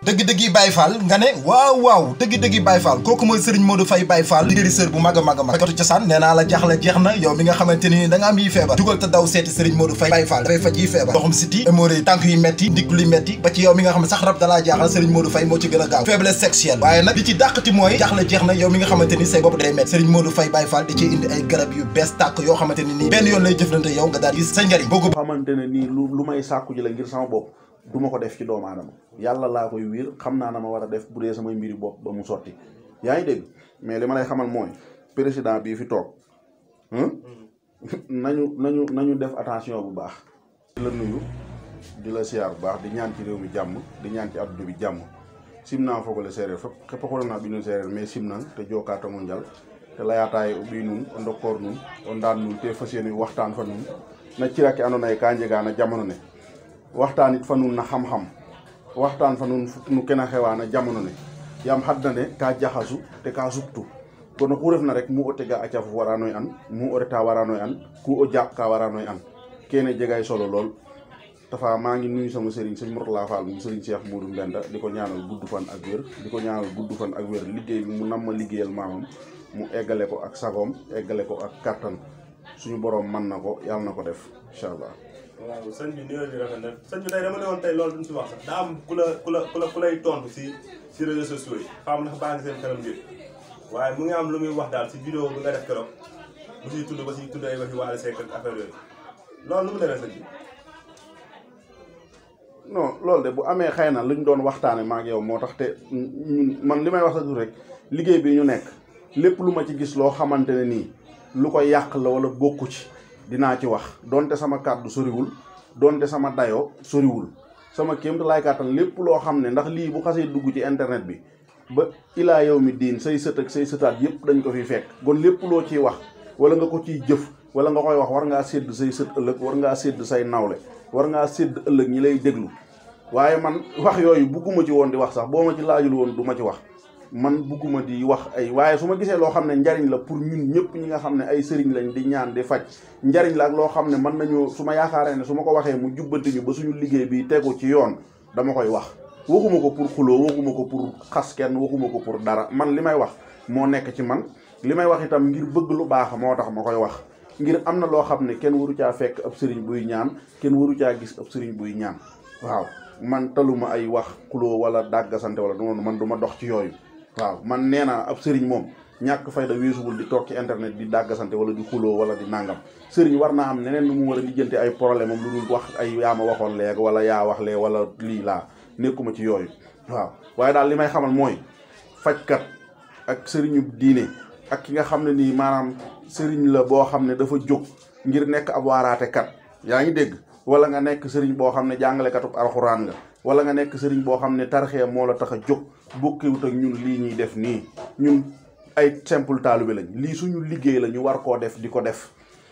dëgg-dëgg yi Baye Fall nga ne waaw waaw dëgg-dëgg yi Baye Fall kooku mooy Serigne Modou Faye Baye Fall guérisseur bu mag a mag a mag katu cosaan nee naa la jaaxle jeex na yow mi nga xamante ni da nga am yi feebar dugal te daw seeti Serigne Modou Faye Baye Fall dafay faj yi feebar doxum siti hémorroïde tànk yu metti ndigg lu metti ba ci yow mi nga xam ne sax rab dalaa jaaxal Serigne Modou Faye moo ci gën a gaaw faiblesse sexuelle waaye nag li ci dàqati mooy jaaxle jeex na yow mi nga xamante ni say bopp day metti Serigne Modou Faye Baye Fall da ciy indi ay garab yu bees tàkk yoo xamante ni nii benn yoon lay jëflante yow nga daal gis sa njariñ boo ko xamante ne nii lu may sàkku ji la ngir sama bopp duma ko def ci doom adam yalla la koy wir xamna na ma wara def bu sama mbiri bop ba mu sotti yaay deg mais li lay xamal mooy président bi fi hmm nañu nañu nañu def attention bu baax la nuyu di la siar baax di ñaan ci réew mi di ñaan ci addu bi jamm simna fogole serer fop na bi ñu seereer mais simna te joka tongo mondial te layataye o ɓiy nun o ndokkoor nun te fasiyene waxtaan fa ñu na ci ke anu yee ka njega na jamono ne waxtaan it fa nun na xam-xam waxtaan fa nun nu kena xewaana jamono ne yaam xadna ne ka jaxasu te ka suptu kono ku na rek mu o tega a caf waranoy an mu o reta waranoy an ku o jàq ka waranoy an kene solo lool tafa maa ngi nuyu sama sëriñ sëñ Mourtala Fall mu sëriñ Cheikh Modou Mbenda di ko ñaanal gudd fan ak wér di ko ñaanal gudd fan ak wér liggéey bi mu nam ma liggéeyal maamam mu eggale ko ak sagoom eggale ko ak kattan suñu borom man na ko yàlla na ko def incha allah waaw sëñ bi nuyoo bi rafet sëñ bi tey dama ne woon tey lool duñ si wax sax daa am ku la ku la ku lay tontu si si réseaux sociaux yi xam ndax baa ngi seen kanam njëkk waaye mu ngi am lu muy wax daal si vidéo bi nga def keroog mu siy tudd ba siy tudd ay waxi Wally Seck loolu lu mu demee sëñ bi. non loolu de bu amee xëy na lu luñ doon waxtaanee ma ak yow moo tax te man li may wax sax rek liggéey bi ñu nekk lépp lu ma ci gis loo xamante ne nii lu ko yàq la wala bokku ci. dina ci wax donte sama kàddu soriwul donte sama dayo soriwul sama kim laay lay lipulo lepp lo xamne ndax li bu xasse dugg ci internet bi ba ila yawmi din sey seut ak sey seutat yep dañ ko fi fek kon lepp lo ci wax wala nga ko ci jëf wala nga koy wax war nga sedd sey seut ëllëg war nga sedd say nawle war nga sedd ëllëg ñi lay déglu waye man wax yooyu bugguma ci won di wax sax ci lajul won du ma ci wax man bugguma di wax ay waaye su ma gisee loo xam ne njariñ la pour ñun ñëpp ñi nga xam ne ay sëriñ lañ di ñaan di faj njariñ la ak loo xam ne mën nañu su ma yaakaaree ne su ma ko waxee mu jubbanti ñu ba suñu liggéey bi tegu ci yoon dama koy wax waxuma ko pour xuloo waxuma xas kenn waxuma ko pour dara man li may wax moo nekk ci man li may wax itam ngir bëgg lu baax moo tax ma koy wax ngir am na loo xam ne kenn waru caa fekk ab sëriñ buy ñaan kenn waru caa gis buy ñaan waaw man taluma ay wax xuloo wala dàggasante wala du man du ma dox ci yooyu waaw man nee naa ab sëriñ moom ñàkk fayda weesuwul di toog ci internet di dàggasante wala di xuloo wala di nàngam sëriñ war naa am neneen nu mu war a lijjanti ay problème am lu dul wax ay yaa ma waxoon léeg wala yaa wax lee wala lii laa nekkuma ci yooyu waaw waaye daal li may xamal mooy fajkat ak sëriñu diine ak ki nga xam ne nii maanaam sëriñ la boo xam ne dafa jóg ngir nekk ab waaraatekat yaa ngi dégg wala nga nekk sëriñ boo xam ne jàngalekatub alxuraan nga wala nga nekk sëriñ boo xam ne tarxee moo la tax a jóg bokkiwut ak ñun lii ñuy def nii ñun ay simple taalibe lañ lii suñu liggéey lañu war koo def di ko def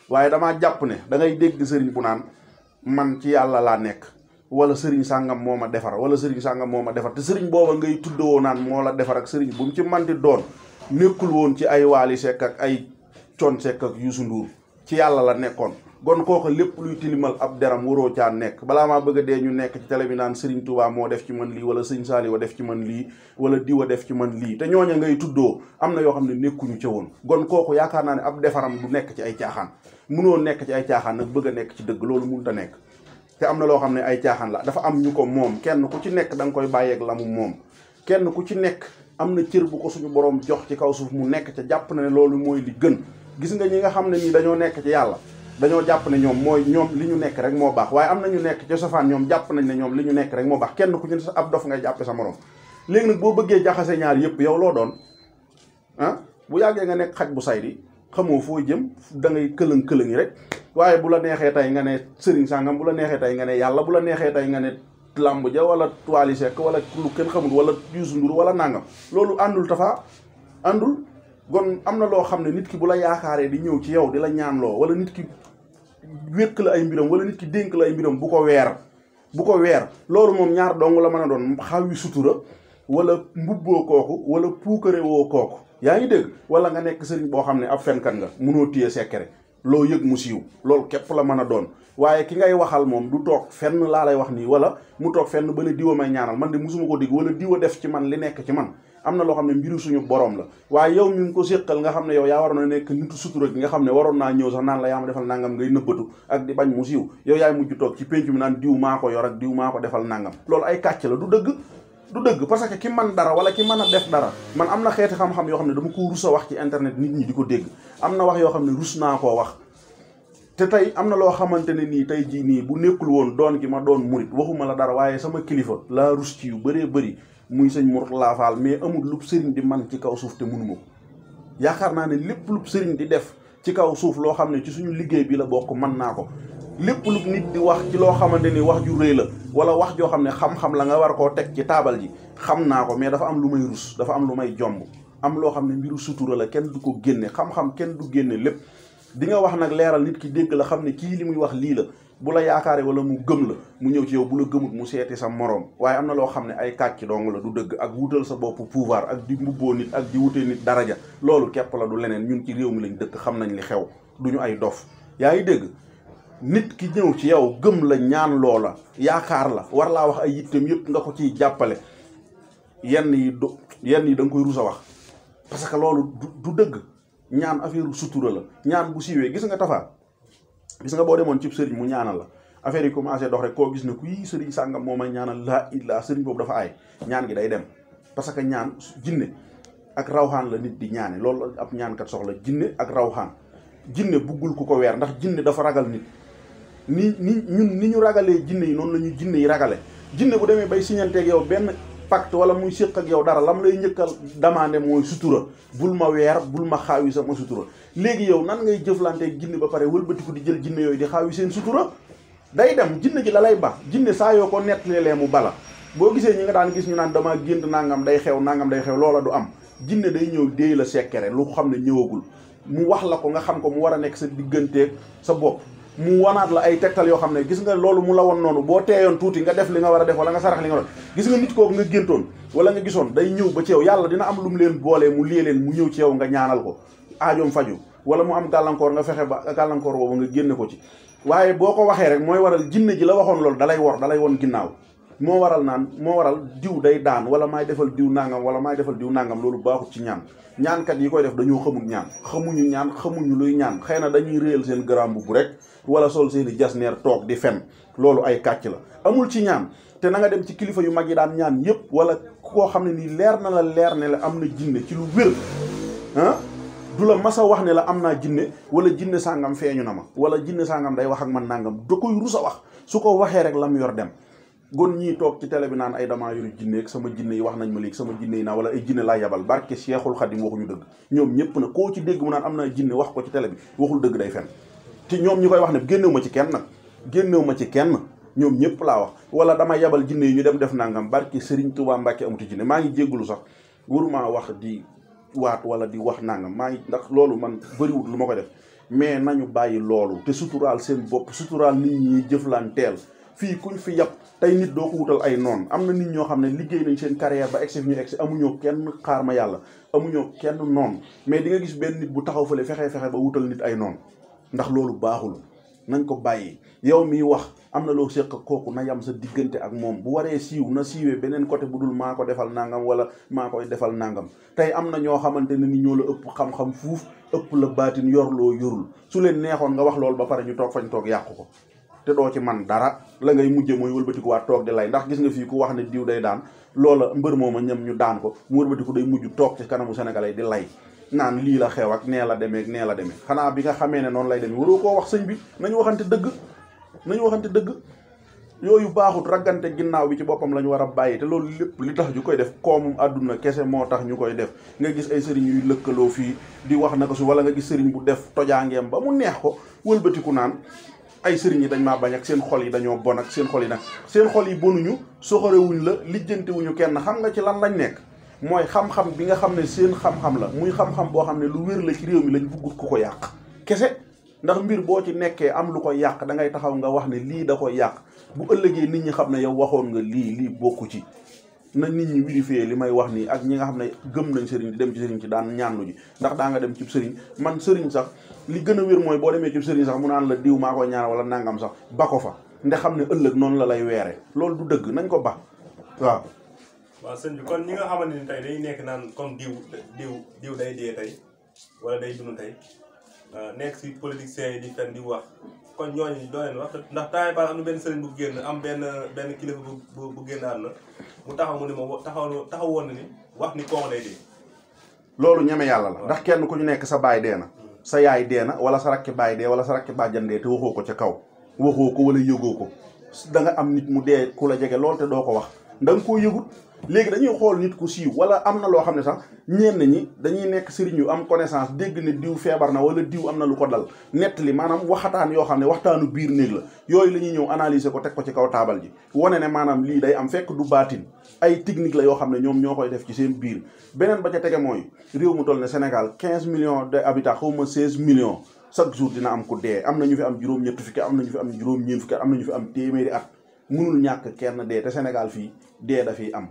waaye dama jàpp ne da ngay dégg sëriñ bu naan man ci yàlla laa nekk wala sëriñ sàngam moom ma defar wala sëriñ sàngam moo ma defar te sëriñ booba ngay tuddawoo naan moo la defar ak sëriñ bu mu ci manti doon nekkul woon ci ay Waly Seck ak ay Thione Seck ak Youssou Ndour ci yàlla la nekkoon kon kooku lépp luy tilimal ab deram waroo caa nekk balaa maa bëgg dee ñu nekk ci télé bi naan Serigne Touba moo def ci man lii wala Serigne Saliou a def ci man lii wala diwa def ci man lii te ñooña ngay tuddoo am na yoo xam ne nekkuñu ca woon kon kooku yaakaar naa ne ab defaram du nekk ci ay caaxaan munoo nekk ci ay caaxaan nag bëgg a nekk ci dëgg loolu mënut a nekk te am na loo xam ne ay caaxaan la dafa am ñu ko moom kenn ku ci nekk da nga koy bàyyeeg moom kenn ku ci nekk am na cër suñu borom jox ci kaw suuf mu nekk ca jàpp na ne loolu mooy li gën gis nga ñi nga xam ne nii dañoo nekk ci yàlla dañoo jàpp ne ñoom mooy ñoom li ñu nekk rek moo baax waaye am na ñu nekk ci safaan ñoom jàpp nañ ne ñoom li ñu nekk rek moo baax kenn ku ci sa ab dof ngay jàppe sa morom léegi nag boo bëggee jaxase ñaar yëpp yaw loo doon ah bu yàggee nga nekk xaj bu saydi xamoo foo jëm da ngay këlëng këlëng rek waaye bu la neexee tey ne sëriñ sàngam bu la neexee tey nga ne yàlla bu la neexee tey nga ne làmb ja wala toile sek wala lu kenn xamul wala Youssou Ndour wala nangam loolu àndul tafa àndul gon am na loo xam ne nit ki bu la yaakaaree di ñëw ci yow di la ñaanloo wala nit ki wékk la ay mbiram wala nit ki dénk la ay mbiram bu ko weer bu ko weer loolu moom ñaar dong la mën a doon xaw yi sutura wala mbubboo kooku wala puukare woo kooku yaa ngi dégg wala nga nekk sëriñ boo xam ne ab fenkat nga munoo téye sekkere loo yëg mu siiw loolu képp la mën a doon waaye ki ngay waxal moom du toog fenn laa lay wax nii wala mu toog fenn ba ne diwa may ñaanal man de musuma ko dégg wala diwa def ci man li nekk ci man am na loo xam ne mbiru suñu borom la waaye yow mi ngi ko séqal nga xam ne yow yaa waroon a nekk nitu sutura gi nga xam ne waroon naa ñëw sax naan la yaa ma defal nangam ngay nëbbatu ak di bañ mu siiw yow yaay mujj toog ci penc mi naan diw maa ko yor ak diw maa ko defal nangam loolu ay kàcc la du dëgg du dëgg parce que ki man dara wala ki mën a def dara man am na xeeti xam-xam yoo xam ne dama ko rus a wax ci internet nit ñi di ko dégg am na wax yoo xam ne rus naa koo wax te tey am na loo xamante ne nii tey jii nii bu nekkul woon doon gi ma doon murit waxuma la dara waaye sama kilifa laa rus yu bëree bëri muy sëñ Mourtala Fall mais amul lu sëriñ di man ci kaw suuf te mënuma ko yaakaar naa ne lépp lu sëriñ di def ci kaw suuf loo xam ne ci suñu liggéey bi la bokk mën naa ko lépp lu nit di wax ci loo xamante ni wax ju rëy la wala wax joo xam ne xam-xam la nga war koo teg ci taabal ji xam naa ko mais dafa am lu may rus dafa am lu may jomb am loo xam ne mbiru sutura la kenn du ko génne xam-xam kenn du génne lépp di nga wax nag leeral nit ki dégg la xam ne kii li muy wax lii la bu la yaakaaree wala mu gëm la mu ñëw ci yow bu la gëmut mu seeti sa moroom waaye am na loo xam ne ay kàcc dong la du dëgg ak wutal sa boppu pouvoir ak di mbubboo nit ak di wute nit daraja loolu képp la du leneen ñun ci réew mi lañ dëkk xam nañ li xew duñu ay dof yaa ngi dégg nit ki ñëw ci yow gëm la ñaan loola yaakaar la war laa wax ay yittam yëpp nga ko ciy jàppale yenn yi du yenn yi da nga koy rus a wax parce que loolu du dëgg ñaan affaire sutura la ñaan bu siiwee gis nga tafaa gis nga boo demoon cib sëriñ mu ñaana la affaire yi commencé dox rek koo gis ne kuy sëriñ sàngam moo may ñaanal laa illaa sëriñ boobu dafa aay ñaan gi day dem parce que ñaan jinne ak rawxaan la nit di ñaane loolu ab ñaankat soxla jinne ak rawxaan jinne buggul ku ko weer ndax jinne dafa ragal nit ni ni ñun ni ñu ragalee jinne yi noonu la ñu jinne yi ragale jinne bu demee bay siñanteeg yow benn pacte wala muy séq ak yow dara lam lay njëkk a demandé mooy sutura bul ma weer bul ma xaawi sama sutura léegi yow nan ngay jëflanteeg jinne ba pare wëlbatiku di jël jinne yooyu di xaawi seen sutura day dem jinne ji la lay ba jinne saa yoo ko nettalilee mu bala boo gisee ñi nga daan gis ñu naan dama gént nangam day xew nangam day xew loola du am jinne day ñëw déey la sekkere lu xam ne ñëwagul mu wax la ko nga xam ko mu war a nekk sa digganteeg sa bopp mu wanaat la ay tegtal yoo xam ne gis nga loolu mu la woon noonu boo teeyoon tuuti nga def li nga war a def wala nga sarax li nga war gis nga nit kooku nga géntoon wala nga gisoon day ñëw ba ci yàlla dina am lu mu leen boolee mu lii leen mu ñëw ci yow nga ñaanal ko aajoom faju wala mu am gàllankoor nga fexe ba gàllankoor boobu nga génne ko ci waaye boo ko waxee rek mooy waral jinne ji la waxoon loolu dalay wor dalay woon ginnaaw moo waral naan moo waral diw day daan wala maay defal diw nangam wala maay defal diw nangam loolu baaxut ci ñaan ñaankat yi koy def dañoo xamul ñaan xamuñu ñaan xamuñu luy ñaan xëy na dañuy réel seen grand bu rek wala sol seeni i neer toog di fen loolu ay kàcc la amul ci ñaan te na nga dem ci kilifa yu mag yi daan ñaan yépp wala koo xam ne nii leer na la leer ne la am na jinne ci lu wér ah? du la masa wax ne la am naa jinne wala jinne sàngam feeñu na ma wala jinne sàngam day wax ak man nangam da koy rus a wax su ko waxee rek la mu yor dem gon ñii toog ci télé bi naan ay damaa yoru jinne ak sama jinne yi wax nañ ma léegi sama jinne yi naa wala ay jinne laa yabal barke Seexul Xadim waxuñu dëgg ñoom ñëpp na ko ci dégg mu naan am naa jinne wax ko ci télé bi waxul dëgg day fen te ñoom ñi koy wax ne génnewu ma ci kenn nag génnewu ma ci kenn ñoom ñëpp laa wax wala damay yabal jinne yi ñu dem def nangam barke Serigne Touba Mbacke amuti jinne maa ngi jéggulu sax waruma wax di waat wala di wax nangam maa ngi ndax loolu man bëriwut lu ma ko def mais nañu bàyyi loolu te suturaal seen bopp suturaal nit ñi fii kuñ fi yàpp tey nit doo ko wutal ay noon am na nit ñoo xam ne liggéey nañ seen carrière ba egsi fi ñu egsi amuñoo kenn xaar yàlla amuñoo kenn noon mais di nga gis benn nit bu taxaw fële fexe fexe ba wutal nit ay noon ndax loolu baaxul nañ ko bàyyi yow miy wax am na loo séq kooku na yam sa diggante ak moom bu waree siiw na siiwee beneen côté bu dul maa ko defal nangam wala maa koy defal nangam tey am na ñoo xamante ne ni ñoo la ëpp xam-xam fuuf ëpp la baatin yorloo yorul su leen neexoon nga wax loolu ba pare ñu toog fañ toog yàqu ko te doo ci man dara la ngay mujje mooy waa toog di lay ndax gis nga fii ku wax ne diw day daan loola mbër mooma ñam ñu daan ko mu wëlbatiku day mujj toog ci kanamu sénégalais di lay naan lii la xew ak nee la demee nee la demee xanaa bi nga xamee ne noonu lay demee waroo koo wax sëñ bi nañu waxante dëgg nañu waxante dëgg yooyu baaxut raggante ginnaaw bi ci boppam la ñu war a bàyyi te loolu lépp li tax ñu koy def koomum àdduna kese moo tax ñu koy def nga gis ay sëriñ yuy lëkkaloo fii di wax naka su wala nga gis sëriñ bu def tojaangeem ba mu neex ko wëlbatiku naan ay sëriñ yi dañ maa bañ ak seen xol yi dañoo bon ak seen xol yi nag seen xol yi bonuñu soxorewuñ la lijjantewuñu kenn xam nga ci lan lañ nekk mooy xam-xam bi nga xam ne seen xam-xam la muy xam-xam boo xam ne lu wér la ci réew mi lañ buggut ku ko yàq kese ndax mbir boo ci nekkee am lu ko yàq da ngay taxaw nga wax ne lii da koy yàq bu ëllëgee nit ñi xam ne yow waxoon nga lii lii bokku ci na nit ñi vérifier li may wax nii ak ñi nga xam ne gëm nañ sëriñ di dem ci sëriñ ci daan ñaanu ji ndax daa nga dem ci sëriñ man sëriñ sax li gën a wér mooy boo demee ci sëriñ sax mu naan la diw maa ko ñaan wala nangam sax ba ko fa nde xam ne ëllëg noonu la lay weere loolu du dëgg nañ ko ba waaw waaw sëñ bi kon ñi nga xamante ni tey day nekk naan comme diw diw diw day dee tey wala day dund tey euh, nekk si politicien yi di fen di wax kon ñooñu doo leen wax ndax temps par am na benn sëriñ bu génn am benn benn kilifa bu bu génnaat la mu taxaw mu ne ma taxaw taxaw woon na ni wax ni kooku lay loolu ñeme yàlla la ndax kenn ku ñu nekk sa baay dee na mm. sa yaay dee na wala sa rakki baay dee wala sa rakki bàjjan te waxoo ko ca kaw waxoo ko wala yëgoo ko da nga am nit mu dee ku la jege lool te doo ko wax. da koo yëgut léegi dañuy xool nit ku siiw wala am na loo xam ne sax ñeen na ñi dañuy nekk sëriñ yu am connaissance dégg ne diw feebar na wala diw am na lu ko dal nett li maanaam waxataan yoo xam ne waxtaanu biir néeg la yooyu la ñuy ñëw analyser ko teg ko ci kaw taabal ji wane ne maanaam lii day am fekk du baatin ay technique la yoo xam ne ñoom ñoo koy def ci seen biir beneen ba ca tege mooy réew mu toll ne Sénégal 15 millions d'habitants xaw ma 16 millions chaque jour dina am ku dee am na fi am juróom-ñett fukki am na ñu fi am juróom-ñeent fukki am na ñu fi mënul ñàkk kenn dee te Sénégal fii dee dafiy am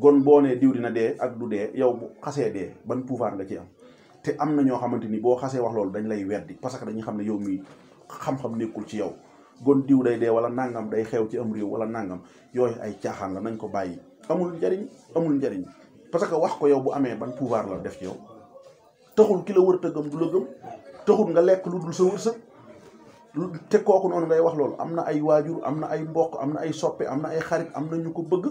gon boo nee diw dina dee ak du dee yow bu xasee dee ban pouvoir nga ci am te am na ñoo xamante ni boo xasee wax loolu dañ lay weddi parce que dañuy xam ne yow mii xam-xam nekkul ci yow gon diw day dee wala nangam day xew ci am réew wala nangam yooyu ay caaxaan la nañ ko bàyyi amul njariñ amul njariñ parce que wax ko yow bu amee ban pouvoir la def ci yow taxul ki la wër tëggam du la gëm taxul nga lekk lu dul te kooku noonu ngay wax loolu am na ay waajur am na ay mbokk am na ay soppe am na ay xarit am na ñu ko bëgg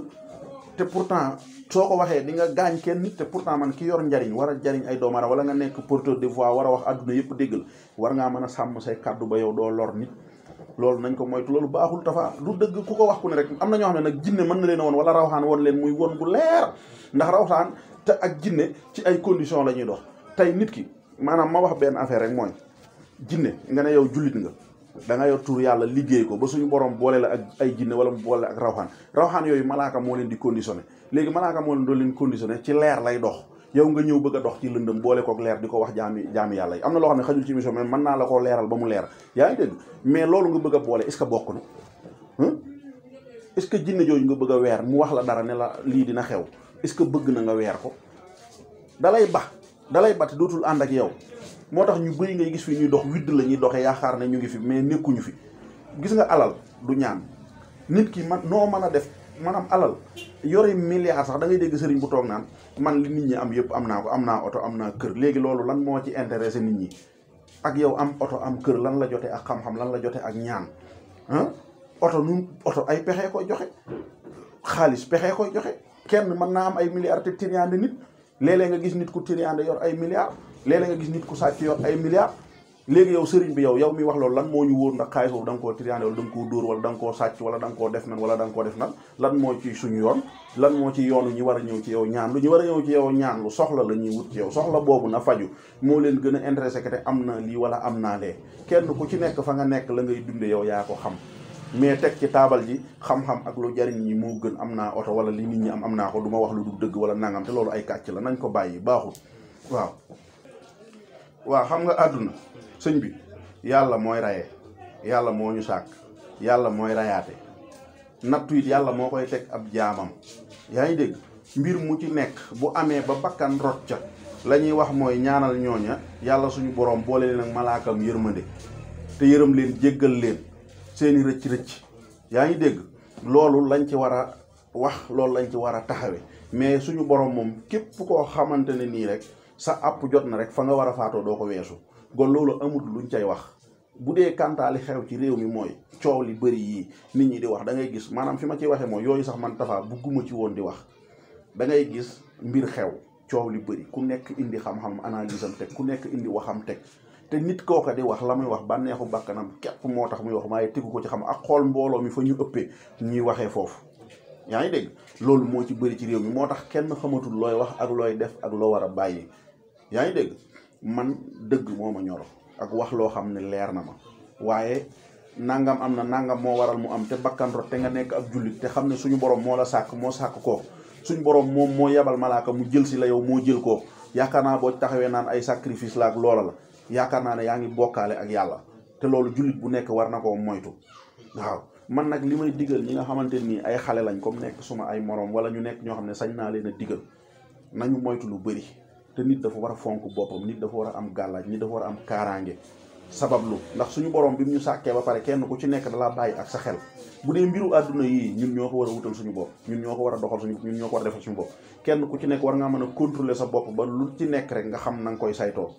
te pourtant soo ko waxee di nga gaañ kenn nit te pourtant man ki yor njariñ war a jariñ ay doomu aadama wala nga nekk pour de voix war a wax adduna yëpp dégg war ngaa mën a sàmm say kàddu ba yow doo lor nit loolu nañ ko moytu loolu baaxul tafa du dëgg ku ko wax ku ne rek am na ñoo xam ne nag jinne mën na leen a woon wala rawxaan woon leen muy bu leer ndax rawxaan te ak jinne ci ay conditions la ñuy dox tey nit ki maanaam ma wax benn affaire rek mooy jinne nga ne yow jullit nga da nga yor tur yàlla liggéey ko ba suñu borom boole la ak ay jinne wala mu boole ak rawxaan rawxaan yooyu malaaka moo leen di conditionné léegi malaaka moo leen doon leen conditionné ci leer lay dox yow nga ñëw bëgg a dox ci lëndëm boole kook leer di ko wax jaami jaami yàlla yi am na loo xam ne xajul ci émission mais mën naa la koo leeral ba mu leer yaa ngi mais loolu nga bëgg a boole est-ce que bokk na est-ce que jinne jooju nga bëgg a weer mu wax la dara ne la lii dina xew est-ce que bëgg na nga weer ko dalay ba dalay ba dootul ànd yow motax ñu bëri ngay gis fi ñuy dox widd lañuy doxé yaakar na ñu ngi fi mais nekkuñu fi gis nga alal du ñaan nit ki man no mëna def manam alal yoré milliards sax da ngay dégg sëriñ bu tok naan man li nit ñi am yépp amna ko amna auto amna kër légui loolu lan mo ci intéressé nit ñi ak yow am auto am kër lan la joté ak xam-xam lan la joté ak ñaan ah auto nun auto ay pexé ko joxé xaaliss pexé ko joxé kenn man na am ay milliards te tiriande nit lélé nga gis nit ku tiriande yor ay milliards léeg-léeg nga gis nit ku sàcc yor ay milliards léegi yow sëriñ bi yow yow mi wax loolu lan moo ñu wóor ndax xaalis boobu da nga koo triané wala da nga dóor wala da nga sàcc wala da nga koo def nan wala da def nan lan moo ci suñu yoon lan moo ci yoonu ñi war a ñëw ci yow ñaan lu ñu war a ñëw ci yow ñaan lu soxla la ñuy wut ci soxla boobu na faju moo leen gën a intéressé que am na lii wala am naa kenn ku ci nekk fa nga nekk la ngay dunde yow yaa ko xam mais teg ci taabal ji xam ak lu jariñ ñi moo gën am naa oto wala li nit ñi am am naa ko duma wax lu du dëgg wala nangam te loolu ay kàcc la nañ ko bàyyi baaxul waaw waaw xam nga àdduna sëñ bi yàlla mooy rayee yàlla moo ñu sàkk yàlla mooy rayaate nattu yàlla moo koy teg ab jaamam yaa ngi dégg mbir mu ci nekk bu amee ba bakkan rot ca la ñuy wax mooy ñaanal ñooña yàlla suñu borom boole leen ak malaakam yërmande te yërëm leen jéggal leen seeni rëcc-rëcc yaa ngi dégg loolu lañ ci war a wax loolu lañ ci war a taxawe mais suñu borom moom képp koo xamante ne nii rek sa àpp jot na rek fa nga war a faatoo doo ko weesu kon loolu amul luñ cay wax bu dee kantaali xew ci réew mi mooy coow li bëri yii nit ñi di wax dangay gis maanaam fi ma ciy waxee mooy yooyu sax man Tapha bugguma ci woon di wax da gis mbir xew coow li bëri ku nekk indi xam-xam analyse am teg ku nekk indi waxam teg te nit kooka di wax la wax bànneexu bàkkanam képp moo tax muy wax waaye tegu ko ci xam ak xool mbooloo mi fa ñu ëppee ñuy waxee foofu yaa ngi dégg loolu moo ci bëri ci réew mi moo tax kenn xamatul looy wax ak looy def ak loo war a bàyyi yaa ngi dégg man dëgg moo ma ñoro ak wax loo xam ne leer na ma waaye nangam am na nangam moo waral mu am te bakkan rot te nga nekk ak jullit te xam ne suñu borom moo la sàkk moo sàkk ko suñu borom moom moo yabal malaaka mu jël si la yow moo jël ko yaakaar naa boo taxawee naan ay sacrifice la ak loola la yaakaar naa ne yaa ngi bokkaale ak yàlla te loolu jullit bu nekk war na koo moytu waaw man nag li may digal ñi nga xamante ni ay xale lañ comme nekk suma ay morom wala ñu nekk ñoo xam ne sañ naa leen a digal nañu moytu lu bëri te nit dafa war a fonk boppam nit dafa war a am gàllaaj nit dafa war a am kaaraange sabablu ndax suñu borom bi mu ñu sàkkee ba pare kenn ku ci nekk dalaa bàyyi ak sa xel bu dee mbiru àdduna yii ñun ñoo ko war a wutal suñu bopp ñun ñoo ko war a doxal suñu bopp ñun ñoo ko war a defal kenn ku ci nekk war ngaa mën a contrôler sa bopp ba lu ci nekk rek nga xam na nga koy saytoo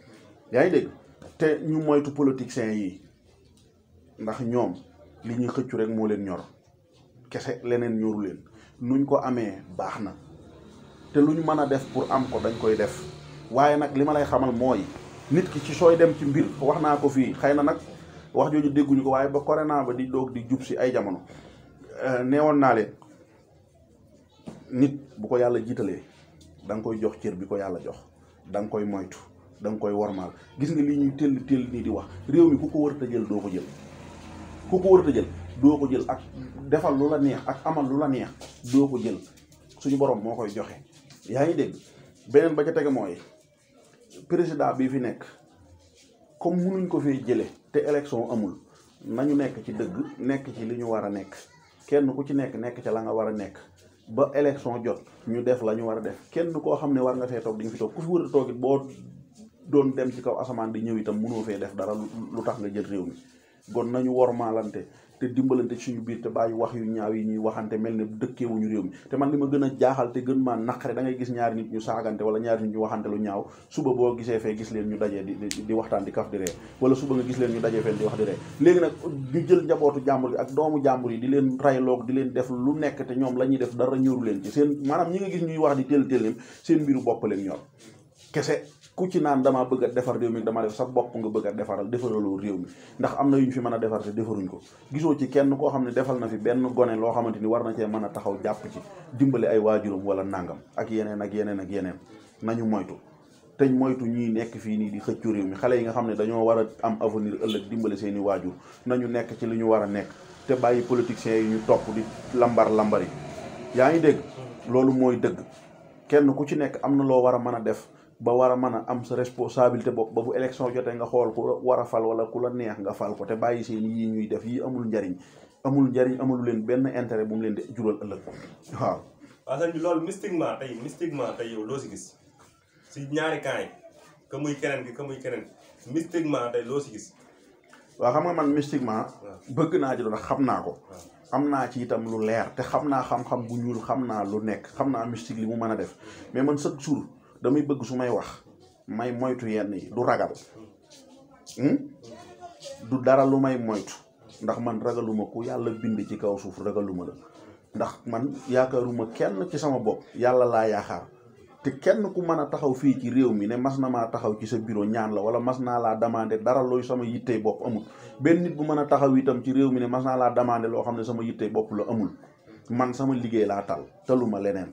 yaa ngi te ñu moytu politiciens yi ndax ñoom li ñuy xëccu rek moo leen ñor kese leneen ñoru leen nuñ ko amee baax na te luñ mën a def pour am ko dañ koy def waaye nag li ma lay xamal mooy nit ki ci sooy dem ci mbir wax naa ko fii xëy na nag wax jooju dégguñu ko waaye ba naa ba di doog di jub si ay jamono euh, neewoon naa leen nit bu ko yàlla jiitalee danga koy jox cër bi ko yàlla jox danga nga koy moytu da nga koy wormaal gis nga lii ñuy tëll tëll nii di wax réew mi ku ko warut jël doo ko jël ku ko warut jël doo ko jël ak defal lu la neex ak amal lu la neex doo ko jël suñu borom moo koy joxe yaa ngi dégg beneen ba mooy président bi fi nekk comme munuñ ko fee jëlee te élection amul na nañu nekk ci dëgg nekk ci li ñu war a nekk kenn ku ci nekk nekk ca la nga war a nekk ba élection jot ñu def la ñu war a def kenn koo xam ne war nga fee toog di nga fi toog ku fi war a toog it boo doon dem ci kaw asamaan di ñëw itam mënoo fee def dara lu tax nga jël réew mi kon nañu wormaalante te dimbalante suñu biir te bàyyi wax yu ñaaw yi ñuy waxante mel ne dëkkeewuñu réew mi te man li ma gën a jaaxal te gën maa naqare da ngay gis ñaari nit ñu saagante wala ñaari nit ñu waxante lu ñaaw suba boo gisee fee gis leen ñu dajee di di waxtaan di kaf di ree wala suba nga gis leen ñu dajee fee di wax di ree léegi nag ñu jël njabootu jàmbur gi ak doomu jàmbur yi di leen rayloog di leen def lu nekk te ñoom la ñuy def dara ñëru leen ci seen maanaam ñi nga gis ñuy wax di téel téel seen mbiru bopp leen ñor kese ku ci naan damaa bëgg defar réew mi dama def sa bopp nga bëgg a defaral defaraloo réew mi ndax am na yu ñu fi mën a defar te defaruñ ko gisoo ci kenn koo xam ne defal na fi benn gone loo xamante ni war na cee mën a taxaw jàpp ci dimbale ay waajuram wala nangam ak yeneen ak yeneen ak yeneen nañu moytu teñ moytu ñuy nekk fii nii di xëccu réew mi xale yi nga xam ne dañoo war a am avenir ëllëg dimbale seeni waajur nañu nekk ci li ñu war a nekk te bàyyi politiciens yi ñu topp di lambar lambari yaa ngi dégg loolu mooy dëgg kenn ku ci nekk am na loo war a mën a def ba war a mën a am sa responsabilité bopp ba bu élection jotee nga xool ku war a fal wala ku la neex nga fal ko te bàyyi seen yii ñuy def yii amul njariñ amul njariñ amul leen benn intérêt bu mu leen di jural ëllëg waaw. waaw sëñ bi loolu mystiquement tey mystiquement tey yow loo si gis si ñaari cas yi que muy keneen ki que muy keneen mystiquement tey loo si gis. waaw xam nga man mystiquement. bëgg naa ci loolu xam naa ko. am naa ci itam lu leer te xam naa xam-xam bu ñuul xam naa lu nekk xam naa mystique li mu mën a def mm-hmm. mais man chaque jour. damay bëgg su may wax may moytu yenn yi du ragal hmm? du dara lu may moytu ndax man ragaluma ku lebih bind ci kaw suuf ragaluma la ndax man yaakaaruma kenn ci sama bopp yàlla ya yaakaar te kenn ku mën a taxaw fii ci réew mi ne mas nama maa taxaw ci sa bureau ñaan wala mas nala laa dara looy sama yite bok amul ben nit bu mën a taxaw itam ci réew mi ne mas nala laa demandé loo sama yite bopp lo amul man sama liggéey telu tal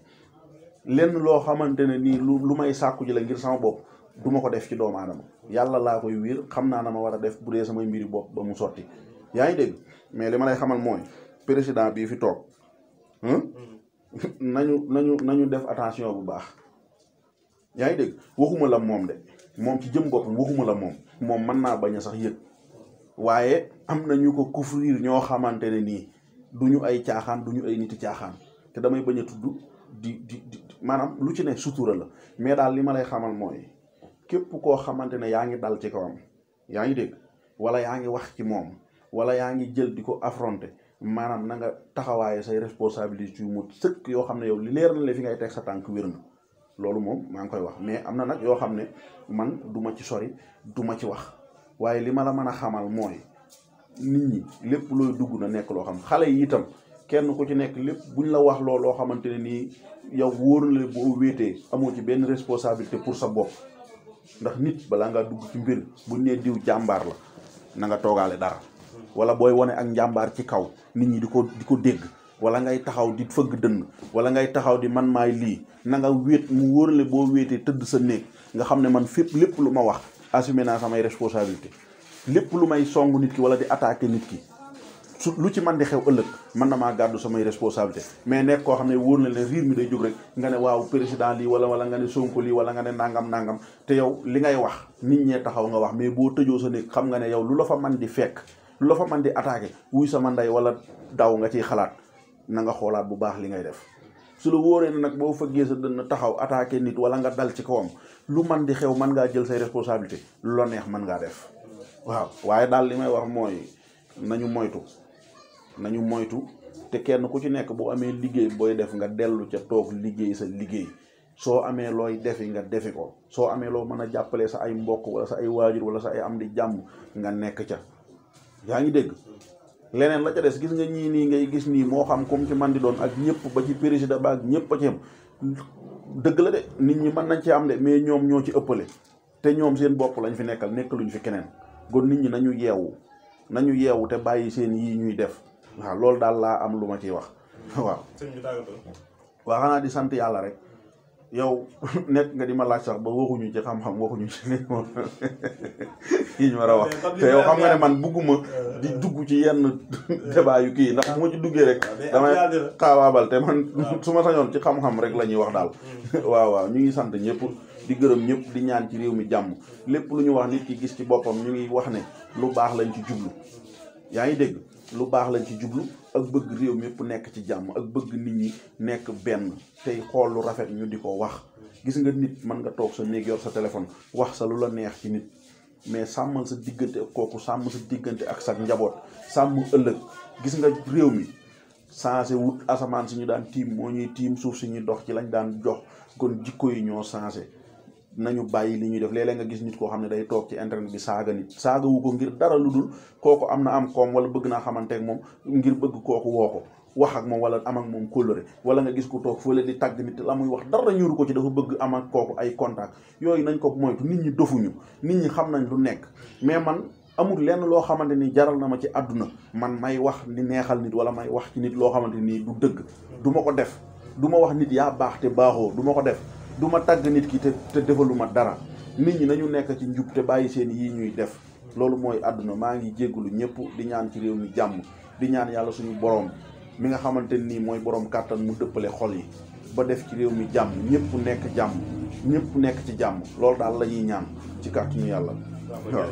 lenn loo xamante ne nii lu lu may sàkku ji la ngir sama bopp du ma ko def ci doomu aadama yàlla laa koy wiir xam naa na ma war a def bu dee samay mbiri bopp ba mu sotti yaa ngi dégg mais li ma lay xamal mooy président bii fi toog mm-hmm. nañu nañu nañu def attention bu baax yaa waxuma la moom de moom ci jëm boppam waxuma la moom moom mën naa bañ sax yëg waaye am na ko couvrir ñoo xamante ne nii du ñu ay caaxaan du ñu ay niti caaxaan te damay bañ a tudd maanaam lu ci ne sutura la mais daal li ma lay xamal mooy képp koo xamante ne yaa ngi dal ci kawam yaa ngi dégg wala yaa ngi wax ci moom wala yaa ngi jël di ko affronter maanaam nanga taxawaaye say responsabilité yu ma sëkk yoo xam ne yow li leer na la fi ngay teg sa tànk wér na loolu moom maa ngi koy wax mais am na nag yoo xam ne man duma ci sori du ma ci wax waaye li ma la mën a xamal mooy nit ñi lépp looy dugg na nekk loo xam xale yi itam kenn ku ci nekk lépp buñ la wax loo loo xamante ne nii yow wóor na la boo wéetee amoo ci benn responsabilité pour sa bopp ndax nit bala nga dugg ci mbir buñ nee diw jàmbaar la na nga toogaale dara wala booy wane ak njàmbaar ci kaw nit ñi di ko di dégg wala ngay taxaw di fëgg dënn wala ngay taxaw di man maay lii na nga wéet mu wóor la boo wéetee tëdd sa néeg nga xam man fépp lépp lu ma wax assumé naa samay responsabilité lépp lu may song nit ki wala di attaqué nit ki lu ci man di xew ëllëg man na maa gàddu samay responsabilité mais nekk koo xam ne wóor na leen riir mi day jóg rek nga ne waaw président lii wala wala nga ne sonko lii wala nga ne nangam nangam te yow li ngay wax nit ñee taxaw nga wax mais boo tëjoo sa néeg xam nga ne yow lu la fa man di fekk lu la fa man di attaqué wuy sama nday wala daw nga ciy xalaat na nga xoolaat bu baax li ngay def su la wóoree nag boo fëggee sa dënn taxaw attaqué nit wala nga dal ci kawam lu man di xew man ngaa jël say responsabilité lu la neex man ngaa def waaw waaye daal li wax mooy nañu moytu nañu moytu te kenn ku ci nekk boo amee liggéey booy def nga dellu ca toog liggéey sa liggéey soo amee looy defi nga defi ko soo amee loo mën a jàppale sa ay mbokk wala sa ay waajur wala sa ay am di jàmm nga nekk ca yaa ngi dégg leneen la ca des gis nga ñii nii ngay gis nii moo xam comme ci man di doon ak ñëpp ba ci président ba ak ñëpp a ci am dëgg la de nit ñi mën nañ ci am de mais ñoom ñoo ci ëppale te ñoom seen bopp lañ fi nekkal nekkaluñ fi keneen kon nit ñi nañu yeewu nañu yeewu bàyyi seen ñuy def waaw loolu daal laa am lu ma ciy wax waaw. sëñ bi tàggatoo. di sant yàlla rek. yow nekk nga di ma laaj sax ba waxuñu ci xam-xam waxuñu ci li ñu war a wax xam nga ne man bugguma euh, di euh. dugg ci yenn débat yu kii ma ci duggee rek damay xaawaabal te man su ma sañoon ci xam-xam rek la ñuy wax daal mm. waaw waaw ñu ngi sant ñëpp di gërëm ñëpp di ñaan ci réew mi jàmm lépp lu ñu wax nit ki gis ci boppam ñu ngi wax ne lu baax lañ ci jublu yaa ngi dégg lu bax lañ ci jublu ak bëgg réew mi yëpp nekk ci jàmm ak bëgg nit ñi nekk benn tey xool lu rafet ñu di ko wax gis nga nit man nga toog sa néeg yor sa téléphone wax sa lu la neex ci nit mais sàmmal sa diggante ak kooku sàmm sa diggante ak sa njaboot sàmm ëllëg gis nga réew mi changé wut asamaan si ñu daan tiim moo ñuy tiim suuf si ñuy dox ci lañ daan jox kon jikko yi ñoo changé nañu bàyyi li ñuy def léeg nga gis nit koo xam ne day toog ci internet bi saaga nit saagawu ko ngir dara lu dul kooku am na am koom wala bëgg naa xamante ak moom ngir bëgg kooku woo ko wax ak moom wala am ak moom kóllëre wala nga gis ko toog fële di tàgg nit la muy wax dara ñuuru ko ci dafa bëgg am ak kooku ay contact yooyu nañ ko moytu nit ñi dofuñu nit ñi xam nañ lu nekk mais man amul lenn loo xamante nii jaral na ma ci àdduna man may wax di neexal nit wala may wax ci nit loo xamante nii du dëgg du ma ko def du ma wax nit yaa baax baaxoo du ko def du ma tàgg nit ki te te defaluma dara nit ñi nañu nekk ci njub te bàyyi seen yii ñuy def loolu mooy àdduna maa ngi jégalu ñëpp di ñaan ci réew mi jàmm di ñaan yàlla suñu boroom mi nga xamante nii mooy boroom kàttan mu dëppale xol yi ba def ci réew mi jàmm ñëpp nekk jàmm ñëpp nekk ci jàmm loolu daal la ñuy ñaan ci kàttanu yàlla waaw